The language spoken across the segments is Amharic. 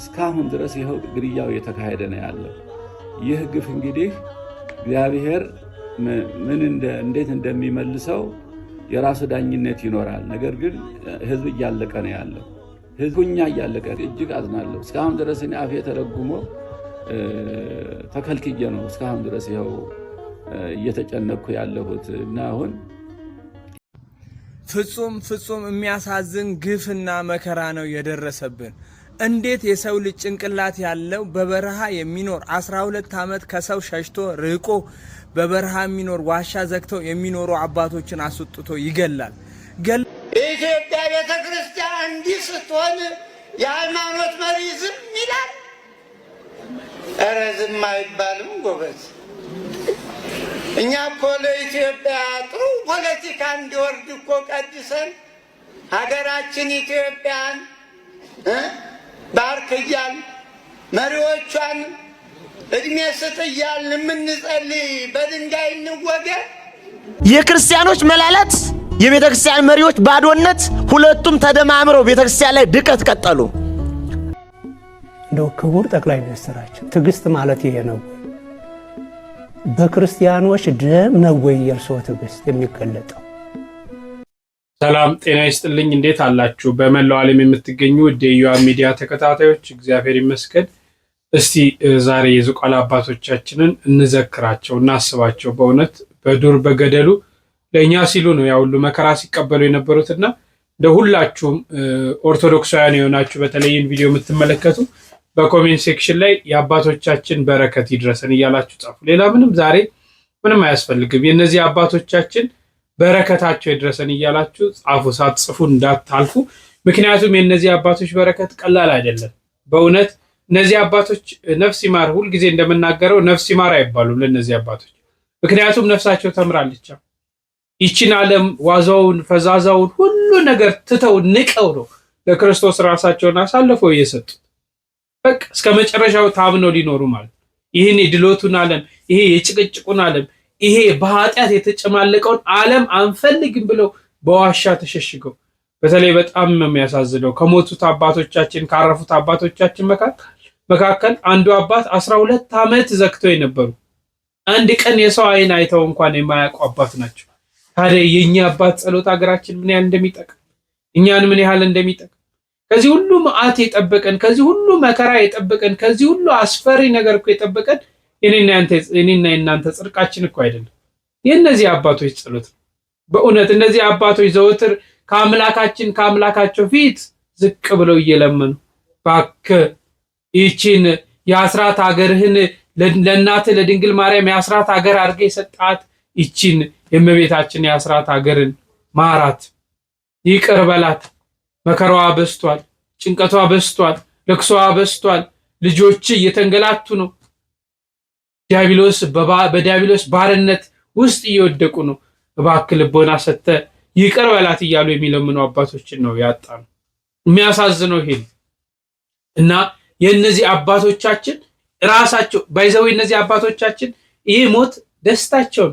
እስካሁን ድረስ ይኸው ግድያው እየተካሄደ ነው ያለው። ይህ ግፍ እንግዲህ እግዚአብሔር ምን እንዴት እንደሚመልሰው የራሱ ዳኝነት ይኖራል። ነገር ግን ህዝብ እያለቀ ነው ያለው። ህዝቡኛ እያለቀ እጅግ አዝናለሁ። እስካሁን ድረስ እኔ አፌ ተረጉሞ ተከልክዬ ነው እስካሁን ድረስ ይኸው እየተጨነኩ ያለሁት እና አሁን ፍጹም ፍጹም የሚያሳዝን ግፍና መከራ ነው የደረሰብን። እንዴት የሰው ልጅ ጭንቅላት ያለው በበረሃ የሚኖር 12 ዓመት ከሰው ሸሽቶ ርቆ በበረሃ የሚኖር ዋሻ ዘግተው የሚኖሩ አባቶችን አስወጥቶ ይገላል። ኢትዮጵያ ቤተ ክርስቲያን እንዲህ ስትሆን የሃይማኖት መሪ ዝም ይላል። እረ ዝም አይባልም ጎበዝ። እኛ እኮ ለኢትዮጵያ ጥሩ ፖለቲካ እንዲወርድ እኮ ቀድሰን ሀገራችን ኢትዮጵያን ባርክ እያል መሪዎቿን እድሜ ስጥ እያል የምንጸልይ በድንጋይ እንወገድ። የክርስቲያኖች መላላት፣ የቤተ ክርስቲያን መሪዎች ባዶነት፣ ሁለቱም ተደማምረው ቤተ ክርስቲያን ላይ ድቀት ቀጠሉ። እንደው ክቡር ጠቅላይ ሚኒስትራችን ትዕግስት ማለት ይሄ ነው። በክርስቲያኖች ደም ነው ወይ የእርስዎ ትዕግስት የሚገለጠው? ሰላም ጤና ይስጥልኝ። እንዴት አላችሁ? በመላው ዓለም የምትገኙ የኢዮአብ ሚዲያ ተከታታዮች እግዚአብሔር ይመስገን። እስቲ ዛሬ የዝቋላ አባቶቻችንን እንዘክራቸው፣ እናስባቸው። በእውነት በዱር በገደሉ ለእኛ ሲሉ ነው ያሁሉ መከራ ሲቀበሉ የነበሩትና እንደ ሁላችሁም ኦርቶዶክሳውያን የሆናችሁ በተለይን ቪዲዮ የምትመለከቱ በኮሜንት ሴክሽን ላይ የአባቶቻችን በረከት ይድረሰን እያላችሁ ጻፉ። ሌላ ምንም ዛሬ ምንም አያስፈልግም። የእነዚህ አባቶቻችን በረከታቸው ይድረሰን እያላችሁ ጻፉ፣ ሳትጽፉ እንዳታልፉ። ምክንያቱም የእነዚህ አባቶች በረከት ቀላል አይደለም። በእውነት እነዚህ አባቶች ነፍስ ይማር፣ ሁልጊዜ እንደምናገረው ነፍስ ይማር አይባሉም ለእነዚህ አባቶች። ምክንያቱም ነፍሳቸው ተምራለች። ይችን ዓለም ዋዛውን፣ ፈዛዛውን ሁሉ ነገር ትተው ንቀው ነው ለክርስቶስ ራሳቸውን አሳልፈው እየሰጡት በቃ እስከ መጨረሻው ታምነው ሊኖሩ ማለት ይህን የድሎቱን ዓለም ይሄ የጭቅጭቁን ዓለም ይሄ በኃጢአት የተጨማለቀውን ዓለም አንፈልግም ብለው በዋሻ ተሸሽገው በተለይ በጣም ነው የሚያሳዝነው። ከሞቱት አባቶቻችን ካረፉት አባቶቻችን መካከል አንዱ አባት አስራ ሁለት ዓመት ዘግተው የነበሩ አንድ ቀን የሰው አይን አይተው እንኳን የማያውቁ አባት ናቸው። ታዲያ የእኛ አባት ጸሎት ሀገራችን ምን ያህል እንደሚጠቅም እኛን ምን ያህል እንደሚጠቅም ከዚህ ሁሉ መዓት የጠበቀን ከዚህ ሁሉ መከራ የጠበቀን ከዚህ ሁሉ አስፈሪ ነገር እኮ የጠበቀን እኔና የእናንተ ጽድቃችን እኮ አይደለም፣ የእነዚህ አባቶች ጸሎት ነው። በእውነት እነዚህ አባቶች ዘወትር ከአምላካችን ከአምላካቸው ፊት ዝቅ ብለው እየለመኑ እባክህ ይችን የአስራት አገርህን ለእናትህ ለድንግል ማርያም የአስራት አገር አድርገህ የሰጣት ይችን የእመቤታችን የአስራት አገርን ማራት፣ ይቅር በላት። መከራዋ በስቷል፣ ጭንቀቷ በስቷል፣ ልቅሷ በስቷል። ልጆች እየተንገላቱ ነው። ዲያብሎስ በዲያብሎስ ባርነት ውስጥ እየወደቁ ነው። እባክህ ልቦና ሰጥተህ ይቅር በላት እያሉ የሚለምኑ አባቶችን ነው ያጣ ነው። የሚያሳዝነው ይሄ እና የእነዚህ አባቶቻችን ራሳቸው ባይዘው እነዚህ አባቶቻችን ይህ ሞት ደስታቸው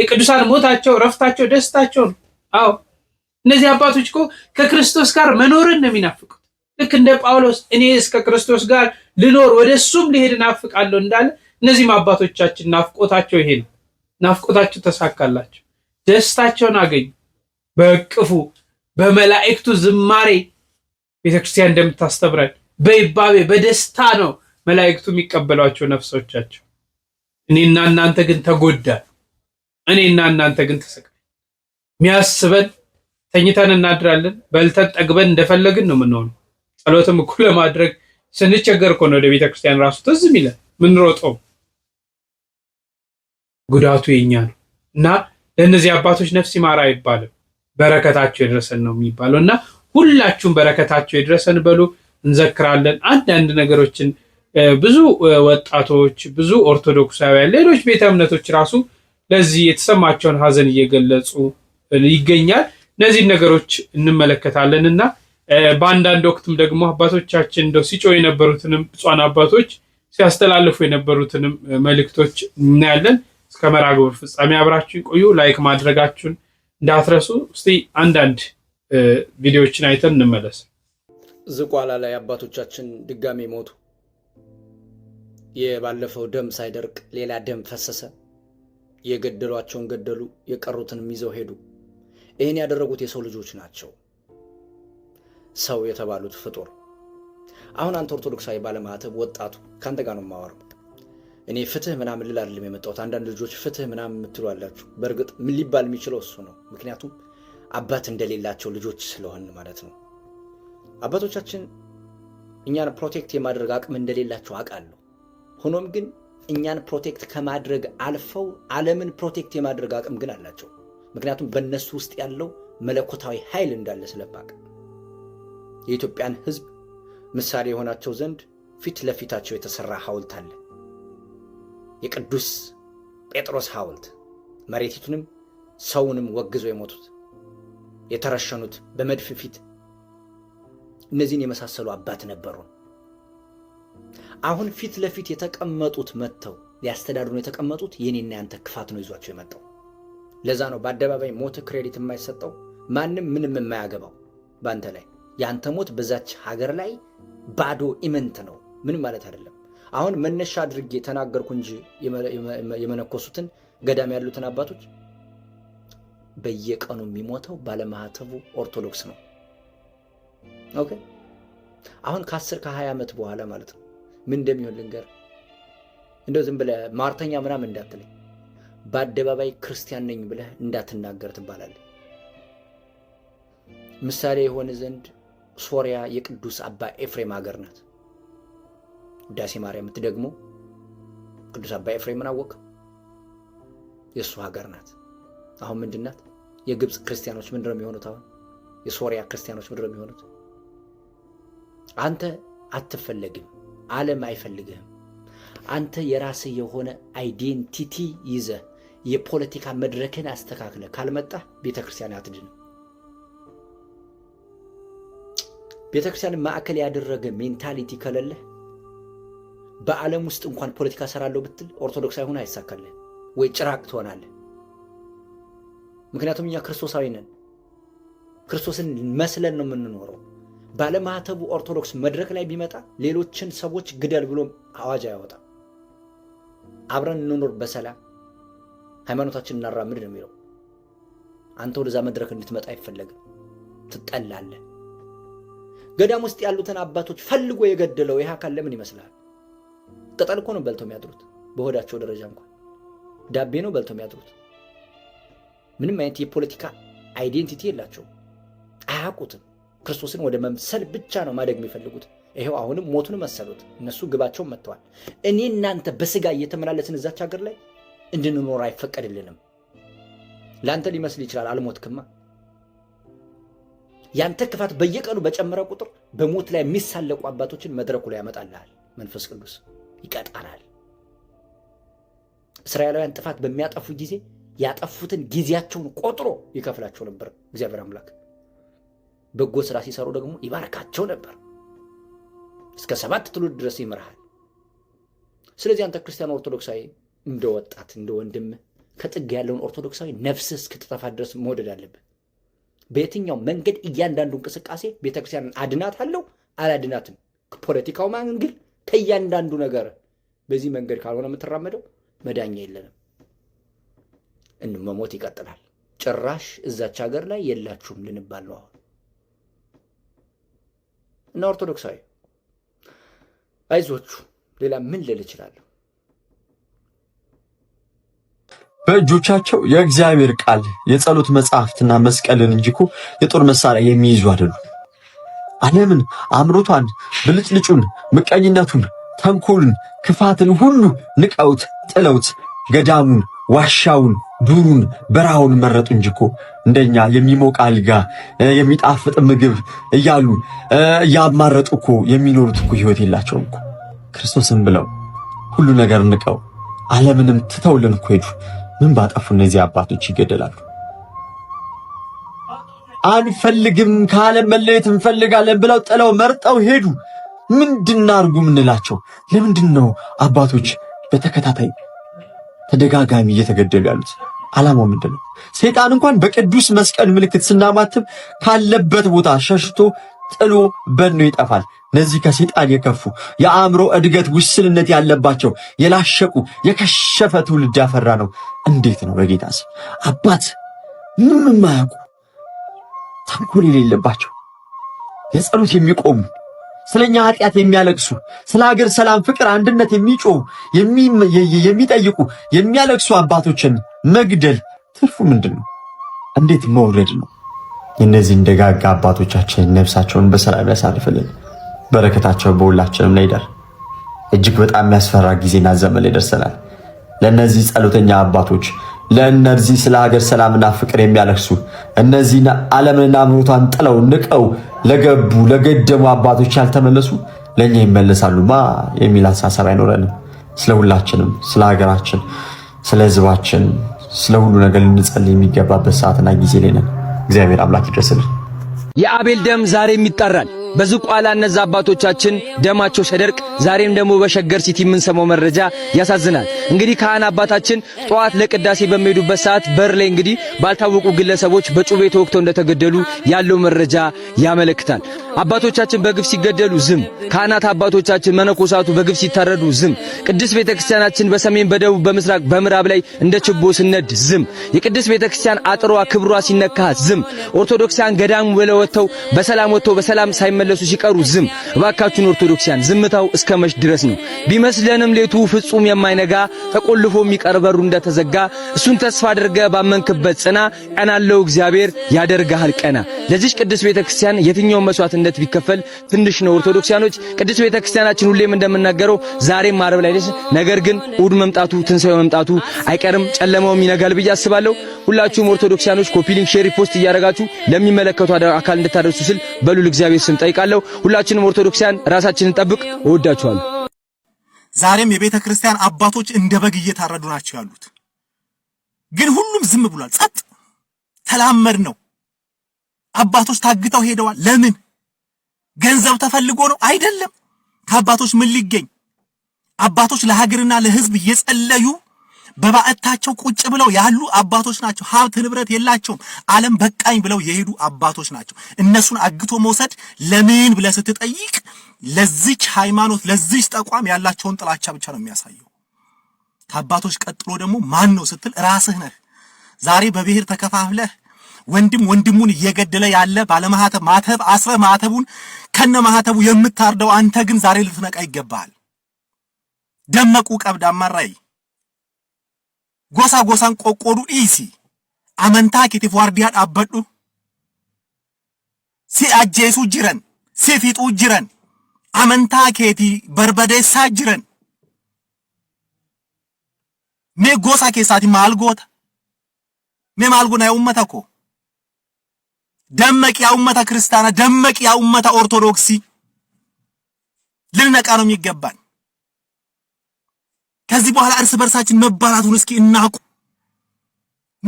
የቅዱሳን ሞታቸው፣ ረፍታቸው፣ ደስታቸው አዎ እነዚህ አባቶች እኮ ከክርስቶስ ጋር መኖርን ነው የሚናፍቁት። ልክ እንደ ጳውሎስ እኔ እስከ ክርስቶስ ጋር ልኖር ወደ እሱም ሊሄድ እናፍቃለሁ እንዳለ እነዚህም አባቶቻችን ናፍቆታቸው ይሄ ነው። ናፍቆታቸው ተሳካላቸው፣ ደስታቸውን አገኙ። በእቅፉ በመላእክቱ ዝማሬ ቤተክርስቲያን እንደምታስተምረን በይባቤ በደስታ ነው መላእክቱ የሚቀበሏቸው ነፍሶቻቸው። እኔና እናንተ ግን ተጎዳ። እኔና እናንተ ግን ተሰቃል። የሚያስበን ተኝተን እናድራለን። በልተን ጠግበን እንደፈለግን ነው የምንሆነው። ጸሎትም እኩ ለማድረግ ስንቸገር እኮ ነው ወደ ቤተክርስቲያን ራሱ ትዝ ይለን ምንሮጠው። ጉዳቱ የኛ ነው እና ለእነዚህ አባቶች ነፍስ ይማር አይባልም። በረከታቸው የደረሰን ነው የሚባለው እና ሁላችሁም በረከታቸው የደረሰን በሉ እንዘክራለን። አንዳንድ ነገሮችን ብዙ ወጣቶች፣ ብዙ ኦርቶዶክሳውያን፣ ሌሎች ቤተ እምነቶች ራሱ ለዚህ የተሰማቸውን ሀዘን እየገለጹ ይገኛል። እነዚህን ነገሮች እንመለከታለን እና በአንዳንድ ወቅትም ደግሞ አባቶቻችን እንደው ሲጮ የነበሩትንም ብፁዓን አባቶች ሲያስተላልፉ የነበሩትንም መልእክቶች እናያለን። እስከ ግብር ፍጻሜ አብራችሁ ቆዩ። ላይክ ማድረጋችሁን እንዳትረሱ። እስቲ አንዳንድ ቪዲዮዎችን አይተን እንመለስ። ዝቋላ ላይ አባቶቻችን ድጋሜ ሞቱ። የባለፈው ደም ሳይደርቅ ሌላ ደም ፈሰሰ። የገደሏቸውን ገደሉ፣ የቀሩትንም ይዘው ሄዱ። ይህን ያደረጉት የሰው ልጆች ናቸው። ሰው የተባሉት ፍጡር። አሁን አንተ ኦርቶዶክሳዊ ባለማዕተብ ወጣቱ ከአንተ ጋር ነው የማወራው እኔ ፍትህ ምናምን ልል አይደለም የመጣሁት። አንዳንድ ልጆች ፍትህ ምናምን የምትሉ አላችሁ። በእርግጥ ምን ሊባል የሚችለው እሱ ነው። ምክንያቱም አባት እንደሌላቸው ልጆች ስለሆን ማለት ነው። አባቶቻችን እኛን ፕሮቴክት የማድረግ አቅም እንደሌላቸው አውቃለሁ። ሆኖም ግን እኛን ፕሮቴክት ከማድረግ አልፈው ዓለምን ፕሮቴክት የማድረግ አቅም ግን አላቸው። ምክንያቱም በእነሱ ውስጥ ያለው መለኮታዊ ኃይል እንዳለ ስለማቅ የኢትዮጵያን ሕዝብ ምሳሌ የሆናቸው ዘንድ ፊት ለፊታቸው የተሰራ ሐውልት አለ። የቅዱስ ጴጥሮስ ሐውልት መሬቲቱንም ሰውንም ወግዞ የሞቱት የተረሸኑት በመድፍ ፊት እነዚህን የመሳሰሉ አባት ነበሩ። አሁን ፊት ለፊት የተቀመጡት መጥተው ሊያስተዳድሩን የተቀመጡት የኔና ያንተ ክፋት ነው ይዟቸው የመጣው። ለዛ ነው በአደባባይ ሞት ክሬዲት የማይሰጠው ማንም ምንም የማያገባው በአንተ ላይ። የአንተ ሞት በዛች ሀገር ላይ ባዶ ኢምንት ነው። ምንም ማለት አይደለም። አሁን መነሻ አድርጌ ተናገርኩ እንጂ የመነኮሱትን ገዳም ያሉትን አባቶች በየቀኑ የሚሞተው ባለማህተቡ ኦርቶዶክስ ነው። ኦኬ አሁን ከአስር ከሀያ ዓመት በኋላ ማለት ነው ምን እንደሚሆን ልንገር። እንደው ዝም ብለህ ማርተኛ ምናምን እንዳትለኝ፣ በአደባባይ ክርስቲያን ነኝ ብለህ እንዳትናገር ትባላለህ። ምሳሌ የሆነ ዘንድ ሶሪያ የቅዱስ አባ ኤፍሬም ሀገር ናት። ውዳሴ ማርያም ትደግሞ ቅዱስ አባ ኤፍሬምን አወቅ። የእሱ ሀገር ናት። አሁን ምንድናት? ናት? የግብፅ ክርስቲያኖች ምንድነው የሚሆኑት? አሁን የሶሪያ ክርስቲያኖች ምንድነው የሚሆኑት? አንተ አትፈለግም፣ ዓለም አይፈልግህም። አንተ የራስህ የሆነ አይዴንቲቲ ይዘህ የፖለቲካ መድረክን አስተካክለ ካልመጣ ቤተ ክርስቲያን አትድንም። ቤተ ማዕከል ያደረገ ሜንታሊቲ ከሌለህ በዓለም ውስጥ እንኳን ፖለቲካ ሰራለሁ ብትል ኦርቶዶክሳዊ ሆነ አይሳካልህ ወይ ጭራቅ ትሆናለህ። ምክንያቱም እኛ ክርስቶሳዊ ነን፣ ክርስቶስን መስለን ነው የምንኖረው። ባለማህተቡ ኦርቶዶክስ መድረክ ላይ ቢመጣ ሌሎችን ሰዎች ግደል ብሎ አዋጅ አያወጣም። አብረን እንኖር በሰላም ሃይማኖታችን እናራምድ ነው የሚለው። አንተ ወደዛ መድረክ እንድትመጣ አይፈለግም፣ ትጠላለህ። ገዳም ውስጥ ያሉትን አባቶች ፈልጎ የገደለው ይህ አካል ለምን ይመስላል? ቅጠል እኮ ነው በልተው የሚያድሩት። በሆዳቸው ደረጃ እንኳን ዳቤ ነው በልተው የሚያድሩት። ምንም አይነት የፖለቲካ አይዴንቲቲ የላቸውም። አያውቁትም። ክርስቶስን ወደ መምሰል ብቻ ነው ማደግ የሚፈልጉት። ይሄው አሁንም ሞቱን መሰሉት። እነሱ ግባቸውን መጥተዋል። እኔ እናንተ በስጋ እየተመላለስን እዛች ሀገር ላይ እንድንኖር አይፈቀድልንም። ለአንተ ሊመስል ይችላል አልሞትክማ። ያንተ ክፋት በየቀኑ በጨመረ ቁጥር በሞት ላይ የሚሳለቁ አባቶችን መድረኩ ላይ ያመጣልሃል መንፈስ ቅዱስ። ይቀጣናል። እስራኤላውያን ጥፋት በሚያጠፉ ጊዜ ያጠፉትን ጊዜያቸውን ቆጥሮ ይከፍላቸው ነበር እግዚአብሔር አምላክ። በጎ ስራ ሲሰሩ ደግሞ ይባርካቸው ነበር። እስከ ሰባት ትውልድ ድረስ ይምርሃል። ስለዚህ አንተ ክርስቲያን ኦርቶዶክሳዊ እንደ ወጣት እንደ ወንድም ከጥግ ያለውን ኦርቶዶክሳዊ ነፍስ እስክትጠፋ ድረስ መውደድ አለብህ። በየትኛው መንገድ እያንዳንዱ እንቅስቃሴ ቤተክርስቲያንን አድናት አለው አላድናትም፣ ፖለቲካው ማንግል ከእያንዳንዱ ነገር በዚህ መንገድ ካልሆነ የምትራመደው መዳኛ የለንም። መሞት ይቀጥላል። ጭራሽ እዛች ሀገር ላይ የላችሁም ልንባል ነው አሁን እና ኦርቶዶክሳዊ አይዞቹ ሌላ ምን ልል እችላለሁ? በእጆቻቸው የእግዚአብሔር ቃል የጸሎት መጽሐፍትና መስቀልን እንጂ እኮ የጦር መሳሪያ የሚይዙ አይደሉም። ዓለምን፣ አምሮቷን፣ ብልጭልጩን፣ ምቀኝነቱን፣ ተንኮሉን፣ ክፋትን ሁሉ ንቀውት ጥለውት ገዳሙን፣ ዋሻውን፣ ዱሩን፣ በረሃውን መረጡ እንጂ እኮ እንደኛ የሚሞቅ አልጋ፣ የሚጣፍጥ ምግብ እያሉ እያማረጡ እኮ የሚኖሩት እኮ ሕይወት የላቸውም እኮ። ክርስቶስን ብለው ሁሉ ነገር ንቀው ዓለምንም ትተውልን እኮ ሄዱ። ምን ባጠፉ እነዚህ አባቶች ይገደላሉ። አንፈልግም ከዓለም መለየት እንፈልጋለን ብለው ጥለው መርጠው ሄዱ። ምንድን አድርጉ የምንላቸው? ለምንድን ነው አባቶች በተከታታይ ተደጋጋሚ እየተገደሉ ያሉት? ዓላማው ምንድን ነው? ሰይጣን እንኳን በቅዱስ መስቀል ምልክት ስናማትብ ካለበት ቦታ ሸሽቶ ጥሎ በኖ ይጠፋል። እነዚህ ከሰይጣን የከፉ የአእምሮ እድገት ውስንነት ያለባቸው የላሸቁ የከሸፈ ትውልድ ያፈራ ነው። እንዴት ነው በጌታ ስም አባት ምንም የማያውቁ ተንኮል የሌለባቸው ለጸሎት የሚቆሙ ስለኛ እኛ ኃጢአት የሚያለቅሱ ስለ ሀገር ሰላም፣ ፍቅር፣ አንድነት የሚጮሁ የሚጠይቁ የሚያለቅሱ አባቶችን መግደል ትርፉ ምንድን ነው? እንዴት መውረድ ነው? የእነዚህን ደጋጋ አባቶቻችን ነፍሳቸውን በሰላም ያሳርፍልን። በረከታቸው በሁላችንም ላይ ይደር። እጅግ በጣም የሚያስፈራ ጊዜና ዘመን ላይ ደርሰናል። ለእነዚህ ጸሎተኛ አባቶች ለእነዚህ ስለ ሀገር ሰላምና ፍቅር የሚያለቅሱ እነዚህን ዓለምንና ምሮቷን ጥለው ንቀው ለገቡ ለገደሙ አባቶች ያልተመለሱ ለእኛ ይመለሳሉማ የሚል አሳሰብ አይኖረንም። ስለ ሁላችንም፣ ስለ ሀገራችን፣ ስለ ህዝባችን ስለ ሁሉ ነገር ልንጸል የሚገባበት ሰዓትና ጊዜ ላይ ነን። እግዚአብሔር አምላክ ይድረስልን። የአቤል ደም ዛሬም ይጠራል። በዝቋላ እነዛ አባቶቻችን ደማቸው ሸደርቅ። ዛሬም ደግሞ በሸገር ሲቲ የምንሰማው መረጃ ያሳዝናል። እንግዲህ ካህን አባታችን ጠዋት ለቅዳሴ በሚሄዱበት ሰዓት በር ላይ እንግዲህ ባልታወቁ ግለሰቦች በጩቤ ተወግተው እንደተገደሉ ያለው መረጃ ያመለክታል። አባቶቻችን በግፍ ሲገደሉ ዝም፣ ካህናት አባቶቻችን መነኮሳቱ በግፍ ሲታረዱ ዝም፣ ቅድስት ቤተክርስቲያናችን በሰሜን በደቡብ በምስራቅ በምዕራብ ላይ እንደ ችቦ ስነድ ዝም፣ የቅድስት ቤተክርስቲያን አጥሯ ክብሯ ሲነካ ዝም፣ ኦርቶዶክሳን ገዳም ብለው ወጥተው በሰላም ወጥተው በሰላም ሳይ ሳይመለሱ ሲቀሩ ዝም። እባካችሁን ኦርቶዶክሲያን ዝምታው እስከ መሽ ድረስ ነው። ቢመስለንም ሌቱ ፍጹም የማይነጋ ተቆልፎ የሚቀር በሩ እንደተዘጋ እሱን ተስፋ አድርገ ባመንክበት ጽና። ቀናለው እግዚአብሔር ያደርግሃል ቀና። ለዚች ቅድስት ቤተክርስቲያን የትኛውን መስዋዕትነት ቢከፈል ትንሽ ነው። ኦርቶዶክሲያኖች ቅድስት ቤተክርስቲያናችን ሁሌም እንደምናገረው ዛሬም ማረብ ላይ ደስ ነገር ግን እሑድ መምጣቱ ትንሣኤ መምጣቱ አይቀርም። ጨለማውም ይነጋል ብዬ አስባለሁ። ሁላችሁም ኦርቶዶክሲያኖች ኮፒ ሊንክ፣ ሼር፣ ፖስት እያደረጋችሁ ለሚመለከቱ አካል እንድታደርሱ ስል በሉል እግዚአብሔር ስም ጠይቃለሁ። ሁላችንም ኦርቶዶክሳውያን ራሳችንን ጠብቅ። እወዳችኋለሁ። ዛሬም የቤተ ክርስቲያን አባቶች እንደ በግ እየታረዱ ናቸው ያሉት። ግን ሁሉም ዝም ብሏል። ጸጥ ተላመድ ነው። አባቶች ታግተው ሄደዋል። ለምን ገንዘብ ተፈልጎ ነው አይደለም። ከአባቶች ምን ሊገኝ አባቶች ለሀገርና ለሕዝብ እየጸለዩ በባዕታቸው ቁጭ ብለው ያሉ አባቶች ናቸው። ሀብት ንብረት የላቸውም። ዓለም በቃኝ ብለው የሄዱ አባቶች ናቸው። እነሱን አግቶ መውሰድ ለምን ብለህ ስትጠይቅ ለዚች ሃይማኖት፣ ለዚች ተቋም ያላቸውን ጥላቻ ብቻ ነው የሚያሳየው። ከአባቶች ቀጥሎ ደግሞ ማን ነው ስትል ራስህ ነህ። ዛሬ በብሔር ተከፋፍለህ ወንድም ወንድሙን እየገደለ ያለ ባለማህተብ ማተብ አስረ ማተቡን ከነ ማህተቡ የምታርደው አንተ ግን ዛሬ ልትነቃ ይገባሃል። ደመቁ ቀብድ አማራይ gosa gosan qoqqoodu dhiisi. Amantaa keetiif waardiyaa dhaabbadhu. Si ajjeesuu jiran, si fixuu jiran, amantaa keetii barbadeessaa jiran. Mee gosa keessaati maal goota? Mee maal gona yaa ummata ko? Dammaqi yaa ummata kiristaanaa, dammaqi yaa ummata ortodoksii. ልንነቃ ነው የሚገባን። ከዚህ በኋላ እርስ በርሳችን መባላቱን እስኪ እናቁ።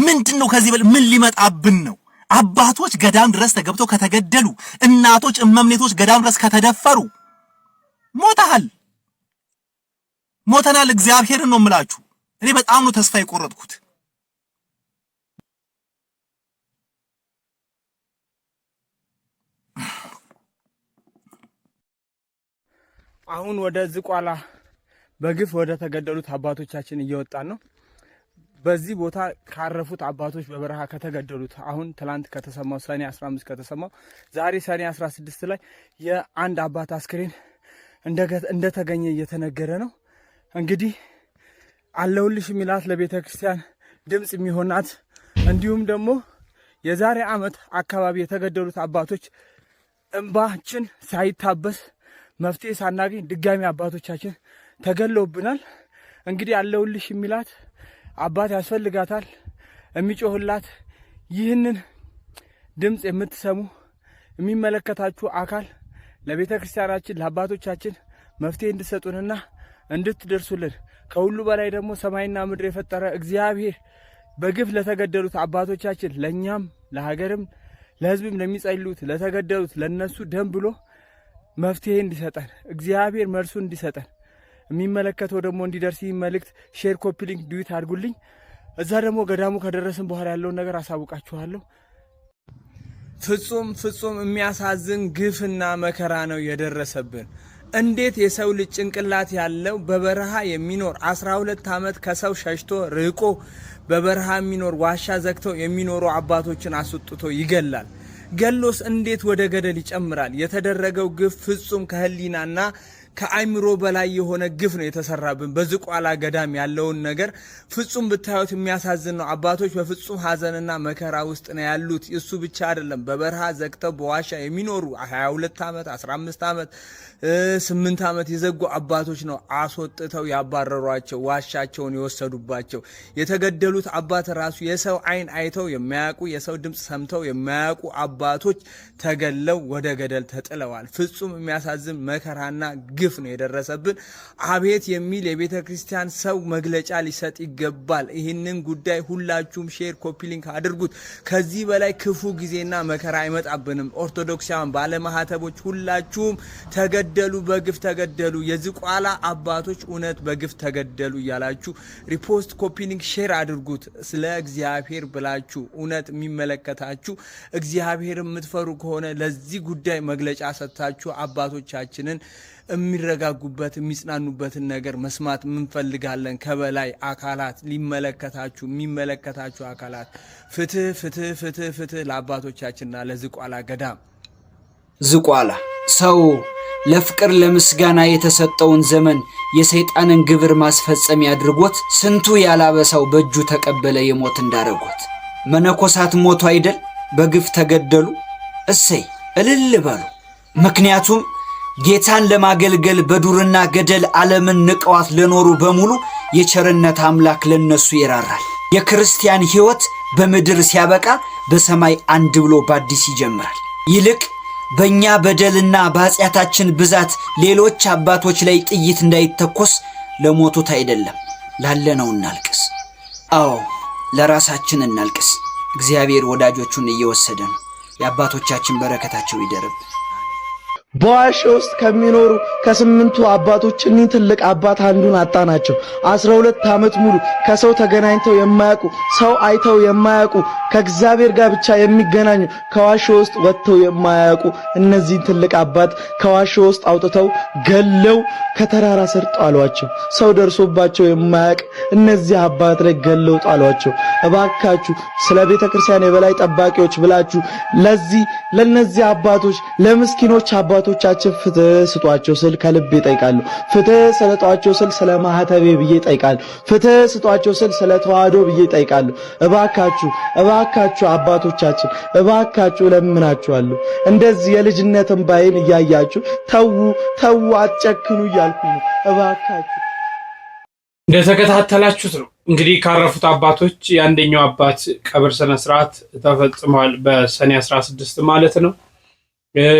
ምንድን ነው? ከዚህ በል ምን ሊመጣብን ነው? አባቶች ገዳም ድረስ ተገብተው ከተገደሉ፣ እናቶች እመምኔቶች ገዳም ድረስ ከተደፈሩ፣ ሞተሃል፣ ሞተናል። እግዚአብሔርን ነው የምላችሁ። እኔ በጣም ነው ተስፋ የቆረጥኩት። አሁን ወደ ዝቋላ በግፍ ወደ ተገደሉት አባቶቻችን እየወጣን ነው። በዚህ ቦታ ካረፉት አባቶች በበረሃ ከተገደሉት አሁን ትላንት ከተሰማው ሰኔ 15 ከተሰማው ዛሬ ሰኔ 16 ላይ የአንድ አባት አስክሬን እንደተገኘ እየተነገረ ነው። እንግዲህ አለሁልሽ የሚላት ለቤተ ክርስቲያን ድምፅ የሚሆናት እንዲሁም ደግሞ የዛሬ ዓመት አካባቢ የተገደሉት አባቶች እንባችን ሳይታበስ መፍትሄ ሳናገኝ ድጋሚ አባቶቻችን ተገለውብናል። እንግዲህ ያለውልሽ የሚላት አባት ያስፈልጋታል፣ የሚጮህላት። ይህንን ድምፅ የምትሰሙ የሚመለከታችሁ አካል ለቤተ ክርስቲያናችን ለአባቶቻችን መፍትሄ እንድትሰጡንና እንድትደርሱልን ከሁሉ በላይ ደግሞ ሰማይና ምድር የፈጠረ እግዚአብሔር በግፍ ለተገደሉት አባቶቻችን ለእኛም ለሀገርም ለሕዝብም ለሚጸልዩት ለተገደሉት ለእነሱ ደም ብሎ መፍትሄ እንዲሰጠን እግዚአብሔር መልሱ እንዲሰጠን የሚመለከተው ደግሞ እንዲደርስ መልእክት ሼር፣ ኮፒ ሊንክ፣ ዱዊት አድርጉልኝ። እዛ ደግሞ ገዳሙ ከደረስን በኋላ ያለውን ነገር አሳውቃችኋለሁ። ፍጹም ፍጹም የሚያሳዝን ግፍና መከራ ነው የደረሰብን። እንዴት የሰው ልጅ ጭንቅላት ያለው በበረሃ የሚኖር 12 ዓመት ከሰው ሸሽቶ ርቆ በበረሃ የሚኖር ዋሻ ዘግተው የሚኖሩ አባቶችን አስወጥቶ ይገላል። ገሎስ እንዴት ወደ ገደል ይጨምራል? የተደረገው ግፍ ፍጹም ከህሊናና ከአይምሮ በላይ የሆነ ግፍ ነው የተሰራብን። በዝቋላ ገዳም ያለውን ነገር ፍጹም ብታዩት የሚያሳዝን ነው። አባቶች በፍጹም ሐዘንና መከራ ውስጥ ነው ያሉት። እሱ ብቻ አይደለም፣ በበረሃ ዘግተው በዋሻ የሚኖሩ 22 ዓመት፣ 15 ዓመት፣ 8 ዓመት የዘጉ አባቶች ነው አስወጥተው ያባረሯቸው፣ ዋሻቸውን የወሰዱባቸው። የተገደሉት አባት ራሱ የሰው አይን አይተው የማያውቁ የሰው ድምፅ ሰምተው የማያውቁ አባቶች ተገለው ወደ ገደል ተጥለዋል። ፍጹም የሚያሳዝን መከራና ግፍ ነው የደረሰብን። አቤት የሚል የቤተ ክርስቲያን ሰው መግለጫ ሊሰጥ ይገባል። ይህንን ጉዳይ ሁላችሁም ሼር፣ ኮፒሊንክ አድርጉት። ከዚህ በላይ ክፉ ጊዜና መከራ አይመጣብንም። ኦርቶዶክሳውያን ባለማህተቦች ሁላችሁም ተገደሉ፣ በግፍ ተገደሉ፣ የዝቋላ አባቶች እውነት በግፍ ተገደሉ እያላችሁ ሪፖስት፣ ኮፒሊንክ፣ ሼር አድርጉት። ስለ እግዚአብሔር ብላችሁ እውነት የሚመለከታችሁ እግዚአብሔር የምትፈሩ ሆነ ለዚህ ጉዳይ መግለጫ ሰጥታችሁ አባቶቻችንን የሚረጋጉበት የሚጽናኑበትን ነገር መስማት ምንፈልጋለን። ከበላይ አካላት ሊመለከታችሁ የሚመለከታችሁ አካላት ፍትህ፣ ፍትህ፣ ፍትህ፣ ፍትህ ለአባቶቻችንና ለዝቋላ ገዳም። ዝቋላ ሰው ለፍቅር ለምስጋና የተሰጠውን ዘመን የሰይጣንን ግብር ማስፈጸሚያ አድርጎት ስንቱ ያላበሳው በእጁ ተቀበለ የሞት እንዳረጎት መነኮሳት ሞቱ አይደል? በግፍ ተገደሉ። እሰይ እልል በሉ። ምክንያቱም ጌታን ለማገልገል በዱርና ገደል ዓለምን ንቀዋት ለኖሩ በሙሉ የቸርነት አምላክ ለነሱ ይራራል። የክርስቲያን ሕይወት በምድር ሲያበቃ በሰማይ አንድ ብሎ በአዲስ ይጀምራል። ይልቅ በእኛ በደልና በኃጢአታችን ብዛት ሌሎች አባቶች ላይ ጥይት እንዳይተኮስ ለሞቱት አይደለም ላለነው እናልቅስ። አዎ ለራሳችን እናልቅስ። እግዚአብሔር ወዳጆቹን እየወሰደ ነው። የአባቶቻችን በረከታቸው ይደርብ። በዋሽ ውስጥ ከሚኖሩ ከስምንቱ አባቶች እኒህ ትልቅ አባት አንዱን አጣናቸው። አስራ ሁለት ዓመት ሙሉ ከሰው ተገናኝተው የማያውቁ ሰው አይተው የማያውቁ ከእግዚአብሔር ጋር ብቻ የሚገናኙ ከዋሽ ውስጥ ወጥተው የማያውቁ እነዚህን ትልቅ አባት ከዋሽ ውስጥ አውጥተው ገለው ከተራራ ስር ጣሏቸው። ሰው ደርሶባቸው የማያውቅ እነዚህ አባት ላይ ገለው ጣሏቸው። እባካችሁ ስለ ቤተ ክርስቲያን የበላይ ጠባቂዎች ብላችሁ ለዚህ ለነዚህ አባቶች ለምስኪኖች አባ አባቶቻችን ፍትህ ስጧቸው ስል ከልብ ይጠይቃሉ። ፍትህ ስለጧቸው ስል ስለ ማህተቤ ብዬ ይጠይቃሉ። ፍትህ ስጧቸው ስል ስለ ተዋህዶ ብዬ ይጠይቃሉ። እባካችሁ እባካችሁ አባቶቻችን እባካችሁ እለምናችኋለሁ። እንደዚህ የልጅነት እምባዬን እያያችሁ ተዉ ተዉ አትጨክኑ እያልኩ ነው። እባካችሁ እንደተከታተላችሁት ነው እንግዲህ ካረፉት አባቶች የአንደኛው አባት ቀብር ስነስርዓት ተፈጽሟል። በሰኔ 16 ማለት ነው።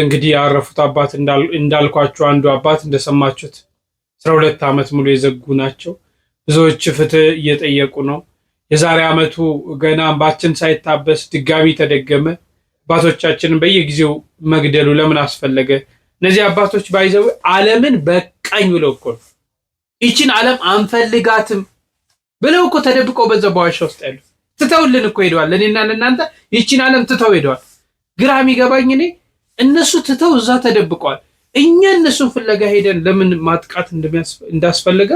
እንግዲህ ያረፉት አባት እንዳልኳቸው አንዱ አባት እንደሰማችሁት አስራ ሁለት ዓመት ሙሉ የዘጉ ናቸው። ብዙዎች ፍትህ እየጠየቁ ነው። የዛሬ ዓመቱ ገና አምባችን ሳይታበስ ድጋሚ ተደገመ። አባቶቻችንን በየጊዜው መግደሉ ለምን አስፈለገ? እነዚህ አባቶች ባይዘው ዓለምን በቃኝ ብለው እኮ ነው ይችን ዓለም አንፈልጋትም ብለው እኮ ተደብቀው በዛ በዋሻ ውስጥ ያሉ ትተውልን እኮ ሄደዋል። ለእኔና ለእናንተ ይችን ዓለም ትተው ሄደዋል። ግራ የሚገባኝ እኔ እነሱ ትተው እዛ ተደብቀዋል። እኛ እነሱን ፍለጋ ሄደን ለምን ማጥቃት እንዳስፈለገ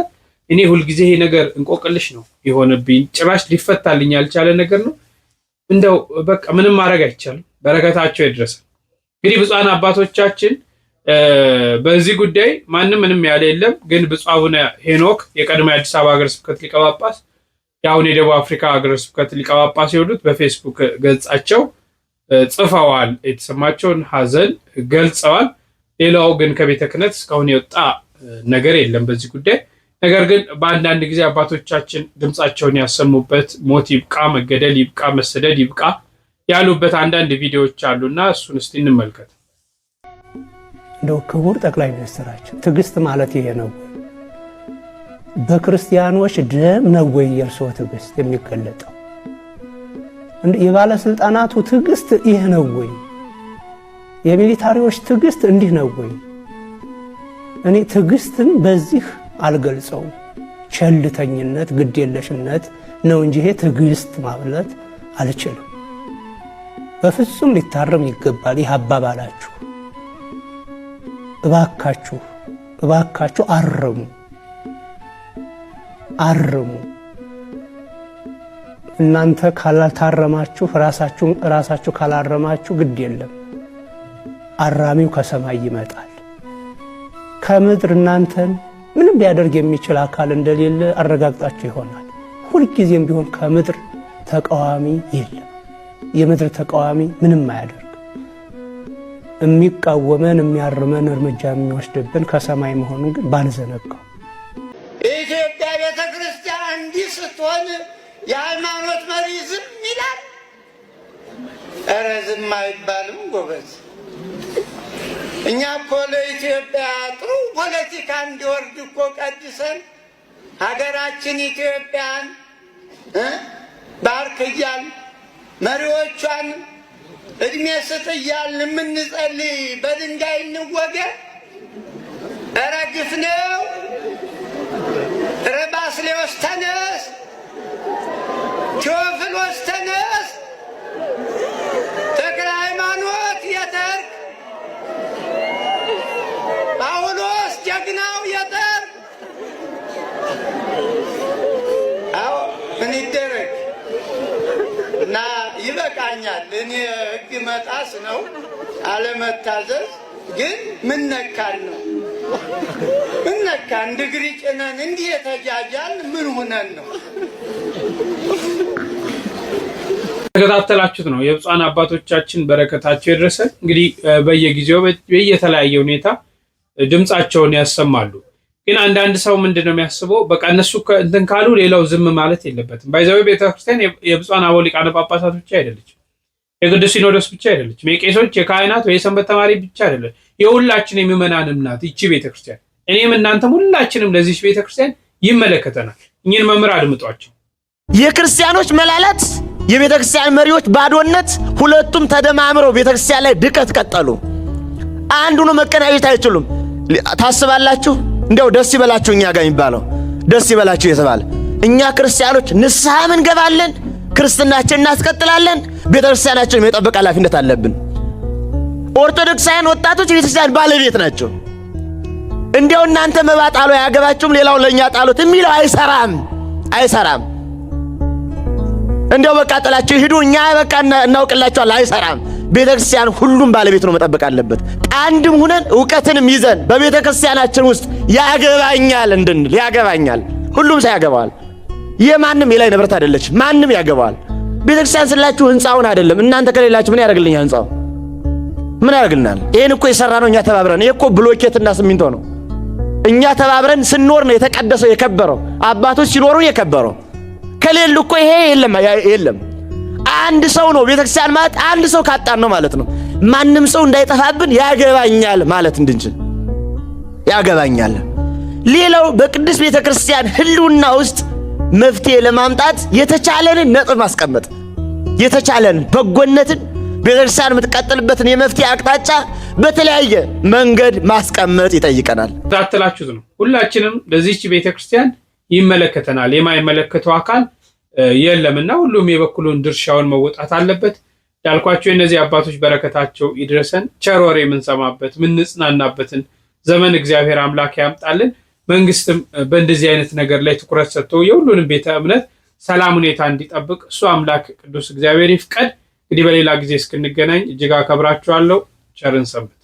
እኔ ሁልጊዜ ይሄ ነገር እንቆቅልሽ ነው የሆነብኝ። ጭራሽ ሊፈታልኝ ያልቻለ ነገር ነው። እንደው በቃ ምንም ማድረግ አይቻልም። በረከታቸው ይድረሳል። እንግዲህ ብፁዓን አባቶቻችን በዚህ ጉዳይ ማንም ምንም ያለ የለም። ግን ብፁዕ አቡነ ሄኖክ የቀድሞ የአዲስ አበባ ሀገረ ስብከት ሊቀ ጳጳስ፣ የአሁን የደቡብ አፍሪካ ሀገረ ስብከት ሊቀ ጳጳስ የሆኑት በፌስቡክ ገጻቸው ጽፈዋል። የተሰማቸውን ሀዘን ገልጸዋል። ሌላው ግን ከቤተ ክህነት እስካሁን የወጣ ነገር የለም በዚህ ጉዳይ። ነገር ግን በአንዳንድ ጊዜ አባቶቻችን ድምፃቸውን ያሰሙበት ሞት ይብቃ፣ መገደል ይብቃ፣ መሰደድ ይብቃ ያሉበት አንዳንድ ቪዲዮዎች አሉና እሱን እስቲ እንመልከት። እንደው ክቡር ጠቅላይ ሚኒስትራችን ትዕግስት ማለት ይሄ ነው። በክርስቲያኖች ደም ነው ወይ የእርስዎ ትዕግስት የሚገለጠው? የባለስልጣናቱ ትዕግስት ይህ ነው ወይ? የሚሊታሪዎች ትዕግስት እንዲህ ነው ወይ? እኔ ትዕግስትን በዚህ አልገልጸው ቸልተኝነት፣ ግዴለሽነት ነው እንጂ ይሄ ትዕግስት ማለት አልችልም። በፍጹም ሊታረም ይገባል። ይህ አባባላችሁ እባካችሁ እባካችሁ አርሙ አርሙ። እናንተ ካላታረማችሁ ራሳችሁ ራሳችሁ ካላረማችሁ ግድ የለም አራሚው ከሰማይ ይመጣል። ከምድር እናንተን ምንም ሊያደርግ የሚችል አካል እንደሌለ አረጋግጣችሁ ይሆናል። ሁልጊዜም ቢሆን ከምድር ተቃዋሚ የለም። የምድር ተቃዋሚ ምንም አያደርግ። የሚቃወመን የሚያርመን እርምጃ የሚወስድብን ከሰማይ መሆኑን ግን ባልዘነጋው። ኢትዮጵያ ቤተ ክርስቲያን እንዲህ ስትሆን የሃይማኖት መሪ ዝም ይላል? እረ ዝም አይባልም ጎበዝ። እኛ እኮ ለኢትዮጵያ ጥሩ ፖለቲካ እንዲወርድ እኮ ቀድሰን ሀገራችን ኢትዮጵያን ባርክ እያል መሪዎቿን እድሜ ስጥ እያል የምንጸልይ በድንጋይ እንወገን? እረ ግፍ ነው። እረ ባስሌዎስ ክፍሎች ተነስ ተክለ ሃይማኖት የጠርቅ ጳውሎስ ጀግናው የጠርቅ አዎ ምን ይደረግ እና ይበቃኛል። እኔ ህግ መጣስ ነው አለመታዘዝ። ግን ምን ነካን ነው ምን ነካን? ድግሪ ጭነን እንዲህ የተጃጃል ምን ሁነን ነው? ተከታተላችሁት ነው። የብፁዓን አባቶቻችን በረከታቸው የደረሰን። እንግዲህ በየጊዜው በየተለያየ ሁኔታ ድምፃቸውን ያሰማሉ። ግን አንዳንድ ሰው ምንድን ነው የሚያስበው? በቃ እነሱ እንትን ካሉ ሌላው ዝም ማለት የለበትም። ባይዘዊ ቤተክርስቲያን የብፁዓን አበው ሊቃነ ጳጳሳት ብቻ አይደለችም፣ የቅዱስ ሲኖዶስ ብቻ አይደለችም፣ የቄሶች የካህናት፣ ወይ የሰንበት ተማሪ ብቻ አይደለች። የሁላችን የምዕመናንም ናት ይቺ ቤተክርስቲያን። እኔም እናንተም ሁላችንም ለዚች ቤተክርስቲያን ይመለከተናል። እኝን መምህር አድምጧቸው። የክርስቲያኖች መላላት የቤተ ክርስቲያን መሪዎች ባዶነት፣ ሁለቱም ተደማምረው ቤተ ክርስቲያን ላይ ድቀት ቀጠሉ። አንዱ ነው መቀናጀት አይችሉም። ታስባላችሁ? እንዲያው ደስ ይበላችሁ እኛ ጋር የሚባለው ደስ ይበላችሁ የተባለ እኛ ክርስቲያኖች ንስሐም እንገባለን፣ ክርስትናችን እናስቀጥላለን፣ ቤተ ክርስቲያናችን የመጠበቅ ኃላፊነት አለብን። ኦርቶዶክሳውያን ወጣቶች የቤተ ክርስቲያን ባለቤት ናቸው። እንዲያው እናንተ መባ ጣሉ አያገባችሁም፣ ለእኛ ጣሉት የሚለው አይሰራም አይሰራም። እንዲያው በቃ ጥላቸው ይሄዱ እኛ በቃ እናውቅላቸዋል። አይሰራም። ቤተ ክርስቲያን ሁሉም ባለቤት ነው መጠበቅ አለበት። አንድም ሁነን እውቀትንም ይዘን በቤተ ክርስቲያናችን ውስጥ ያገባኛል እንድንል ያገባኛል። ሁሉም ሰው ያገባዋል። የማንም የላይ ንብረት አይደለች። ማንም ያገባዋል። ቤተ ክርስቲያን ስላችሁ ህንፃውን አይደለም። እናንተ ከሌላችሁ ምን ያደርግልኛ? ህንፃው ምን ያደርግልናል? ይህን እኮ የሰራ ነው እኛ ተባብረን። ይህ እኮ ብሎኬትና ሲሚንቶ ነው። እኛ ተባብረን ስንኖር ነው የተቀደሰው የከበረው። አባቶች ሲኖሩ የከበረው ከሌሉ እኮ ይሄ የለም የለም። አንድ ሰው ነው ቤተክርስቲያን ማለት አንድ ሰው ካጣን ነው ማለት ነው። ማንም ሰው እንዳይጠፋብን ያገባኛል ማለት እንድንችል ያገባኛል። ሌላው በቅዱስ ቤተክርስቲያን ህልውና ውስጥ መፍትሄ ለማምጣት የተቻለንን ነጥብ ማስቀመጥ የተቻለን በጎነትን ቤተክርስቲያን የምትቀጥልበትን የመፍትሄ አቅጣጫ በተለያየ መንገድ ማስቀመጥ ይጠይቀናል። ታተላችሁት ነው ሁላችንም ለዚህች ቤተክርስቲያን ይመለከተናል። የማይመለከተው አካል የለምና ሁሉም የበኩሉን ድርሻውን መወጣት አለበት። ያልኳቸው የእነዚህ አባቶች በረከታቸው ይድረሰን። ቸሮር የምንሰማበት የምንጽናናበትን ዘመን እግዚአብሔር አምላክ ያምጣልን። መንግስትም በእንደዚህ አይነት ነገር ላይ ትኩረት ሰጥቶ የሁሉንም ቤተ እምነት ሰላም ሁኔታ እንዲጠብቅ እሱ አምላክ ቅዱስ እግዚአብሔር ይፍቀድ። እንግዲህ በሌላ ጊዜ እስክንገናኝ እጅግ አከብራችኋለሁ። ቸርን ሰንብት።